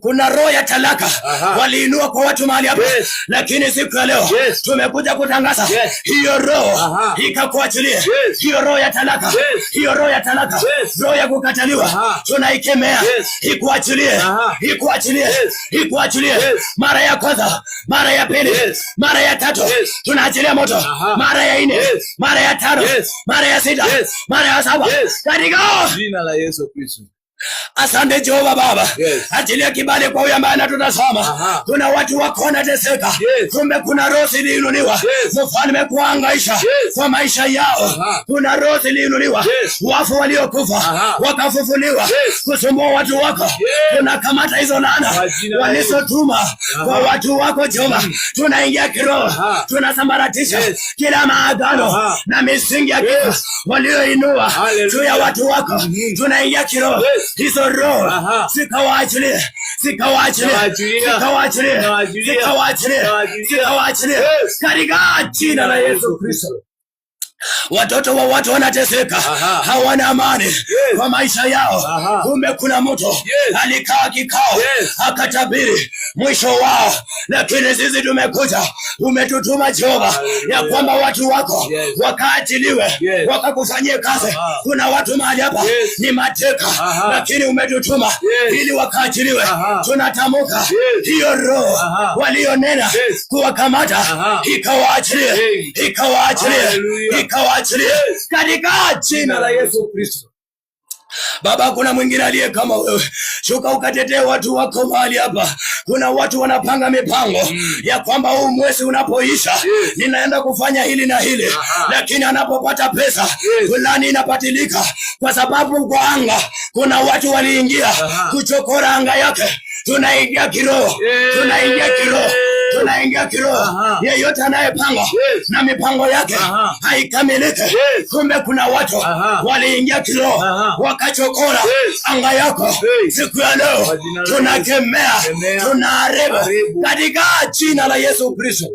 Kuna roho ya talaka waliinua kwa watu mahali hapa, lakini siku ya leo tumekuja kutangaza hiyo roho ikakuachilie. Hiyo roho ya talaka, hiyo roho ya talaka, roho ya kukataliwa, tunaikemea ikuachilie, ikuachilie, ikuachilie mara ya kwanza, mara ya pili, mara ya tatu, tunaachilia moto mara ya nne, mara ya tano, mara ya sita, mara ya saba katika jina la Yesu Kristo. Asante Jehova Baba, yes. ya kibali kwa huyu ambaye anatutazama. Kuna watu wako wanateseka, yes. Kumbe kuna roho ziliinuliwa, yes. Mfalme kuangaisha, yes. kwa maisha yao. Aha. Kuna roho ziliinuliwa, yes. wafu waliokufa wakafufuliwa, yes. kusumbua watu wako, yes. tunakamata hizo laana walizotuma kwa watu wako Jehova, mm. tunaingia kiroho, tunasambaratisha, yes. kila maagano na misingi ya kifo walioinua juu ya watu wako, mm-hmm. tunaingia kiroho, yes hizo roho zikawaachilie, zikawaachilie katika jina la Yesu Kristo. Watoto wa watu wanateseka, hawana amani yes. kwa maisha yao. Kumbe kuna mtu yes. alikaa kikao yes. akatabiri mwisho wao, lakini sisi tumekuja, umetutuma Jehova ya kwamba watu wako yes. wakaachiliwe yes. wakakufanyie kazi kuna watu mahali hapa yes. ni mateka, lakini umetutuma yes. ili wakaachiliwe. Tunatamka yes. hiyo roho walionena yes. kuwakamata ikawaachilie, ikawaachilie nikawaachilie katika jina la Yesu Kristo. Baba, kuna mwingine aliye kama wewe, shuka ukatetee watu wako mahali hapa. Kuna watu wanapanga mipango mm. ya kwamba huu mwezi unapoisha yes. Mm. ninaenda kufanya hili na hili Aha. lakini anapopata pesa fulani inapatilika, kwa sababu kwa anga kuna watu waliingia kuchokora anga yake. Tunaingia kiroho, tunaingia kiroho tunaingia kiroho. Yeyote anayepanga na mipango yake haikamilike. Kumbe kuna watu waliingia kiroho wakachokora anga yako siku ya leo tunakemea, tunaharibu katika jina la Yesu Kristo.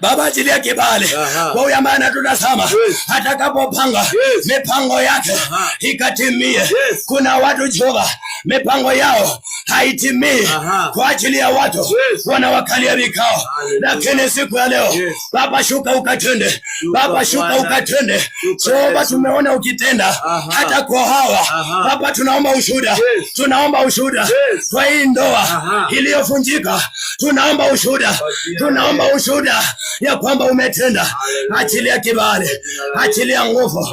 Baba, ajili ya kibali kwa huyu ambaye anatutazama yes. atakapopanga yes. mipango yake ikatimie yes. kuna watu Jehova mipango yao haitimii kwa ajili ya watu wanawakalia vikao, lakini siku ya leo Baba shuka ukatende, Baba shuka ukatende. Jehova, tumeona ukitenda hata kwa hawa Baba tunaomba ushuda, tunaomba ushuda kwa hii ndoa iliyovunjika tunaomba ushuda tunaomba ushuda ya kwamba umetenda. Achilia kibali, achilia nguvu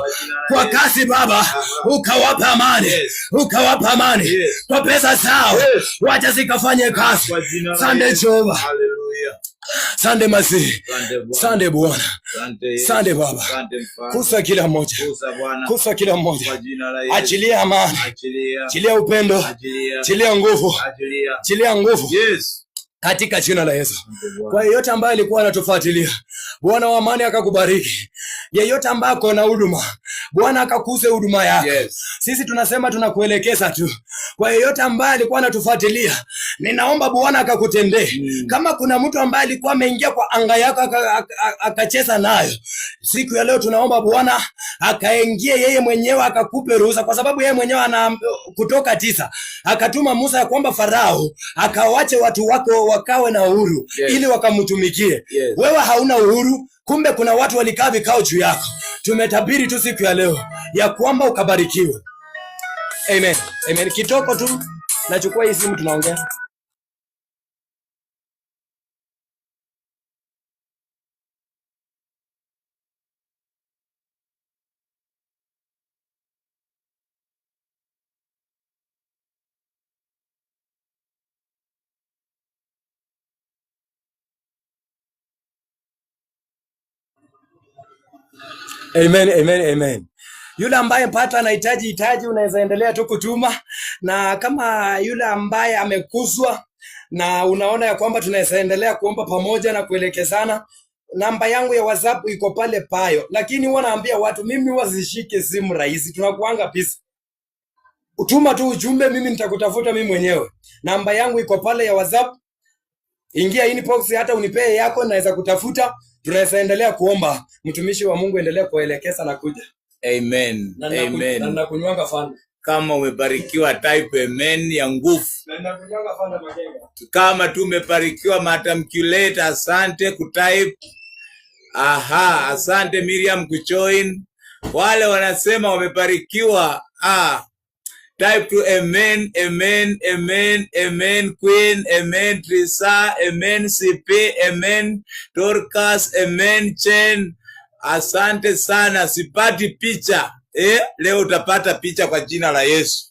kwa kasi Baba, ukawapa amani, ukawapa amani kwa pesa zao, wacha zikafanye kazi. Sande Jehova. Sande Masihi, sande Bwana, sande Baba, kusa kila mmoja, kusa kila mmoja, achilia amani, achilia upendo, achilia nguvu, achilia nguvu, yes katika jina la Yesu. Kwa yeyote ambaye alikuwa anatufuatilia, Bwana wa amani akakubariki. Yeyote ambaye ako na huduma, Bwana akakuze huduma yako. Yes. Sisi tunasema tunakuelekeza tu. Kwa yeyote ambaye alikuwa anatufuatilia, ninaomba Bwana akakutendee. Mm. Kama kuna mtu ambaye alikuwa ameingia kwa anga yako akacheza nayo, siku ya leo tunaomba Bwana akaingie yeye mwenyewe akakupe ruhusa, kwa sababu yeye mwenyewe ana kutoka tisa akatuma Musa ya kwamba Farao akawache watu wako wakawe na uhuru yes. ili wakamtumikie yes. Wewe hauna uhuru, kumbe kuna watu walikaa vikao juu yako. Tumetabiri tu siku ya leo ya kwamba ukabarikiwe. Amen. Amen. Kitoko tu nachukua hii simu tunaongea. Amen, amen, amen. Yule ambaye pata anahitaji hitaji, unaweza endelea tu kutuma, na kama yule ambaye amekuzwa na unaona ya kwamba tunaweza endelea kuomba pamoja na kuelekezana, namba yangu ya WhatsApp iko pale payo, lakini huwa naambia watu mimi wazishike simu rahisi, tunakuanga pisi Utuma tu ujumbe, mimi nitakutafuta mimi mwenyewe. Namba yangu iko pale ya WhatsApp Ingia inbox hata unipee yako, naweza kutafuta, tunaweza endelea kuomba. Mtumishi wa Mungu endelea kuelekeza na kuja. Amen. Na amen. Na nakunywanga fana. Kama umebarikiwa type amen ya nguvu. Na tu fana majenga. Kama matamkuleta, asante kutype. Aha, asante Miriam kujoin. Wale wanasema wamebarikiwa, ah Type to amen, amen, amen, amen, Queen, amen, Trisa, amen, CP, amen, Dorcas, amen, Chen. Asante sana, sipati picha eh, leo utapata picha kwa jina la Yesu.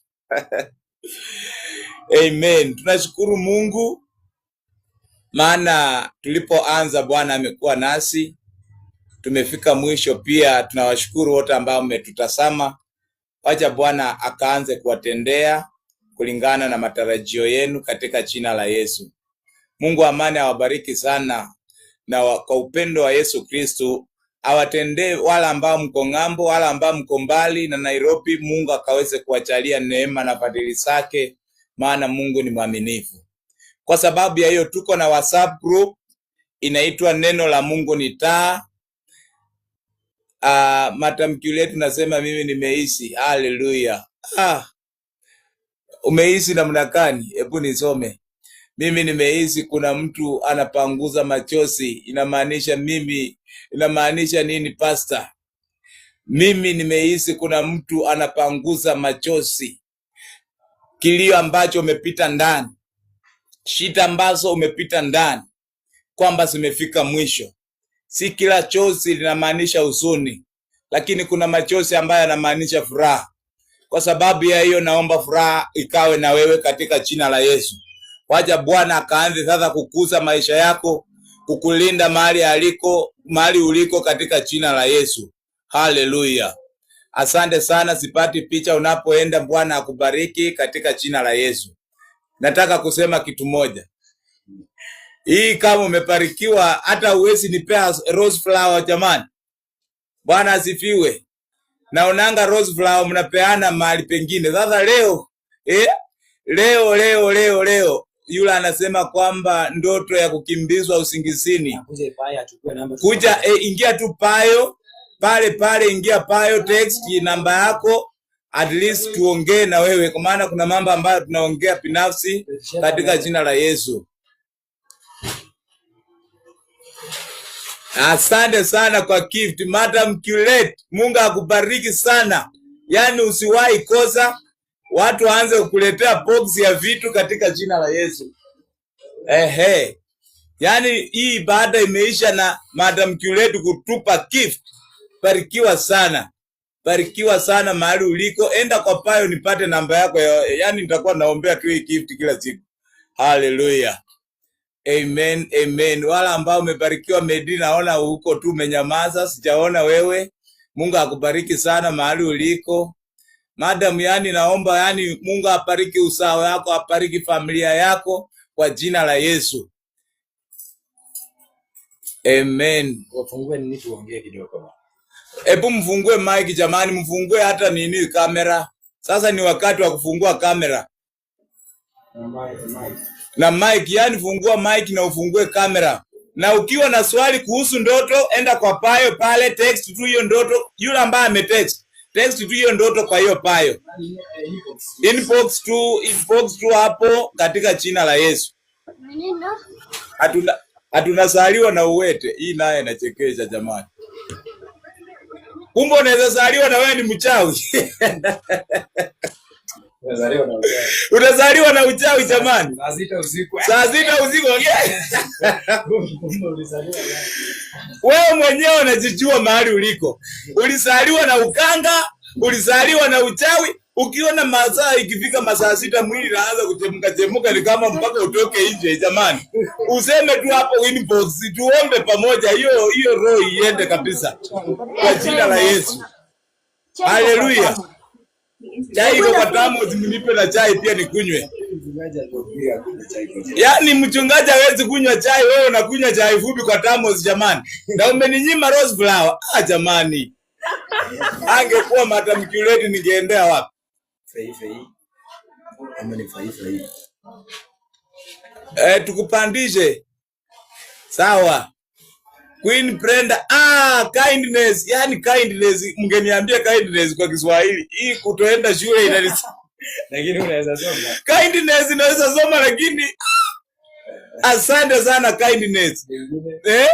Amen. Tunashukuru Mungu maana tulipoanza Bwana amekuwa nasi, tumefika mwisho. Pia tunawashukuru wote ambao mmetutazama Wacha Bwana akaanze kuwatendea kulingana na matarajio yenu katika jina la Yesu. Mungu amani awabariki sana na wa, kwa upendo wa Yesu Kristu awatendee wala ambao mko ng'ambo, wala ambao mko mbali na Nairobi. Mungu akaweze kuwachalia neema na fadhili zake, maana Mungu ni mwaminifu. Kwa sababu ya hiyo, tuko na WhatsApp group inaitwa Neno la Mungu ni Taa uh, ah, matamkio yetu nasema mimi nimeishi. Haleluya! Ah, umeishi namna gani? Hebu nisome mimi nimeishi. Kuna mtu anapanguza machozi, inamaanisha mimi, inamaanisha nini pasta? Mimi nimeishi. Kuna mtu anapanguza machozi, kilio ambacho umepita ndani, shida ambazo umepita ndani, kwamba zimefika mwisho Si kila chozi linamaanisha huzuni, lakini kuna machozi ambayo yanamaanisha furaha. Kwa sababu ya hiyo, naomba furaha ikawe na wewe katika jina la Yesu. Wacha Bwana akaanze sasa kukuza maisha yako, kukulinda mahali aliko, mahali uliko, katika jina la Yesu. Haleluya! Asante sana, sipati picha unapoenda. Bwana akubariki katika jina la Yesu. Nataka kusema kitu moja. Hii kama umeparikiwa hata uwezi nipea rose flower jamani. Bwana asifiwe. Naonanga rose flower mnapeana mahali pengine. Sasa leo eh, leo leo leo leo yule anasema kwamba ndoto ya kukimbizwa usingizini kuja eh, ingia tu payo pale pale, ingia payo text namba yako at least tuongee na wewe, kwa maana kuna mambo ambayo tunaongea binafsi katika jina la Yesu. Asante sana kwa gift Madam Kulet, Mungu akubariki sana. Yaani usiwahi kosa watu waanze kukuletea box ya vitu katika jina la Yesu. Ehe, yaani hii baada imeisha na Madam Kulet kutupa gift. Barikiwa sana, barikiwa sana mahali uliko. Enda kwa payo nipate namba yako, yaani nitakuwa naombea tu hii gift kila siku. Hallelujah. Amen, amen. Wala ambao umebarikiwa Medi, naona huko tu umenyamaza, sijaona wewe. Mungu akubariki sana mahali uliko. Madam, yani naomba yani Mungu apariki usao yako, apariki familia yako kwa jina la Yesu. Amen. Wafungue nini tuongee kidogo. Hebu mfungue mic jamani, mfungue hata nini kamera. Sasa ni wakati wa kufungua kamera. Mbae, mbae na mic, yani fungua mic na ufungue kamera. Na ukiwa na swali kuhusu ndoto, enda kwa payo pale, text tu hiyo ndoto. Yule ambaye ametext text tu hiyo ndoto kwa hiyo payo, inbox tu, inbox tu hapo, katika jina la Yesu. Hatuna hatunazaliwa na uwete. Hii naye anachekesha jamani. Kumbe unaweza zaliwa na wewe ni mchawi unazaliwa na uchawi jamani, saa sita usiku. Wewe mwenyewe unajijua mahali uliko. Ulizaliwa na ukanga, ulizaliwa na uchawi. Ukiona masaa ikifika masaa sita mwili naanza kuchemka chemka, ni kama mpaka utoke nje. Jamani, useme tu hapo inbox, tuombe pamoja, hiyo hiyo roho iende kabisa kwa jina la Yesu. Haleluya. Chai iko kwa tamu, mnipe na chai pia nikunywe. Yaani mchungaji hawezi kunywa chai, wewe unakunywa chai fupi kwa tamu jamani. Na umeninyima rose flower. Ah, jamani. Angekuwa madam Curate ningeendea wapi? Eh, tukupandishe. Sawa. Queen Brenda. Ah, kindness. Yani kindness. Mngeniambia kindness kwa Kiswahili. Hii kutoenda shule inanis lakini unaweza soma. Kindness inaweza soma lakini asante sana kindness. Eh?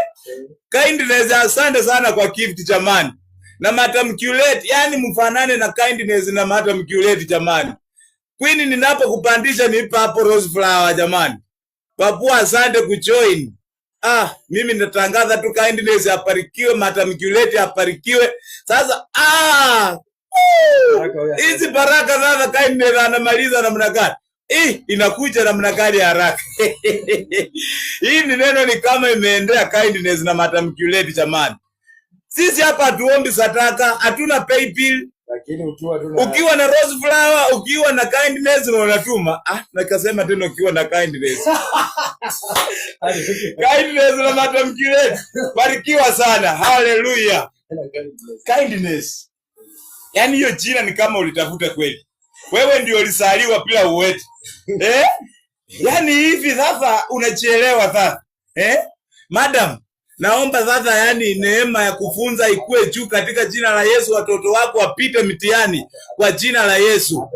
Kindness asante sana kwa gift jamani. Na Madam matamculate, yani mfanane na kindness na Madam matamculate jamani. Queen ninapokupandisha ni purple rose flower jamani. Papua asante kujoin. Ah, mimi natangaza tu kindness aparikiwe, Madam Juliet aparikiwe. Sasa ah, hizi baraka sasa kindness anamaliza namna gani? Eh, inakuja namna gani haraka? Hii ni neno ni kama imeendea kindness na Madam Juliet jamani. Sisi hapa hatuombi sadaka, hatuna paybill ukiwa ukiwa na rose flower, ukiwa na kindness na tuma. Ah, nikasema tena ukiwa na kindness. kindness na madam Kiret. Barikiwa sana. Hallelujah. Kindness. yani hiyo jina ni kama ulitafuta kweli. Wewe ndio ulisaliwa bila uwete. Eh? Yaani hivi sasa unachelewa sasa. Eh? Madam, Naomba sasa, yani neema ya kufunza ikuwe juu katika jina la Yesu. Watoto wako wapite mtihani kwa jina la Yesu.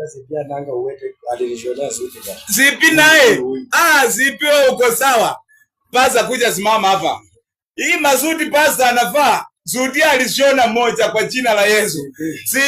Zipi naye ah, zipi wewe uko sawa? Pasa kuja simama hapa, hii mazuti pasa anavaa zudia alishona moja kwa jina la Yesu. Zipi?